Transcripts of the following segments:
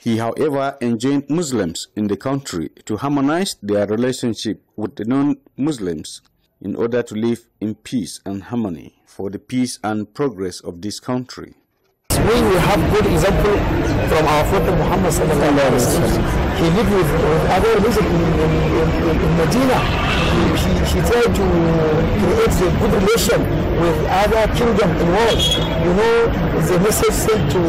He, however, enjoined Muslims in the country to harmonize their relationship with the non-Muslims in order to live in peace and harmony for the peace and progress of this country. We have good example from our Prophet Muhammad sallallahu alaihi wasallam he lived with, with other Muslims in, in, in, in Medina. He, tried to create a good relation with other kingdom in world. You know, the message sent to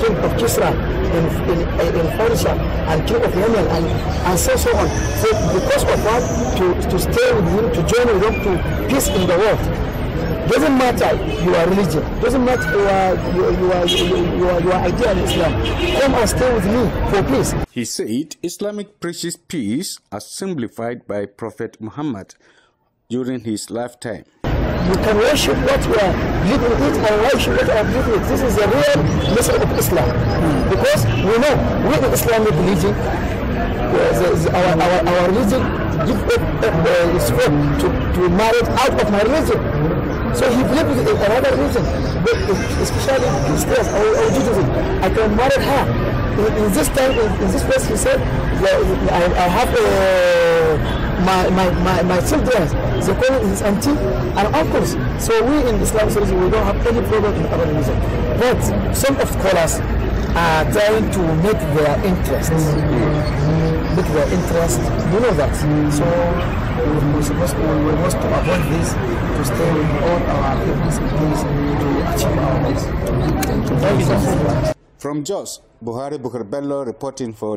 King of Kisra in, in, in Persia and King of Yemen and, and so, so on. So because of that, to, to stay with him, to join with him to peace in the world. Doesn't matter your religion, doesn't matter your, your, your, your, your idea of Islam. Come and stay with me for peace. He said Islamic preaches peace as simplified by Prophet Muhammad during his lifetime. You can worship what you are, believe in it and worship what you believe in it. This is the real message of Islam. Because we know, we in Islamic religion, uh, our, our, our religion give up, up uh, to, to marriage out of my religion. So he played with another reason, but especially his parents, our, our Judaism. I can marry her. In, in this time, in, in, this place, he said, well, I, I have a my, my, my, my children, they call his auntie and uncles. So we in Islam Society, we don't have any problem in our religion. But some of scholars, are trying to make their interest, make their interest, you know that. So we must, we must avoid this, to stay with all our people's place to achieve our goals. From Jos, Buhari Bukharbello reporting for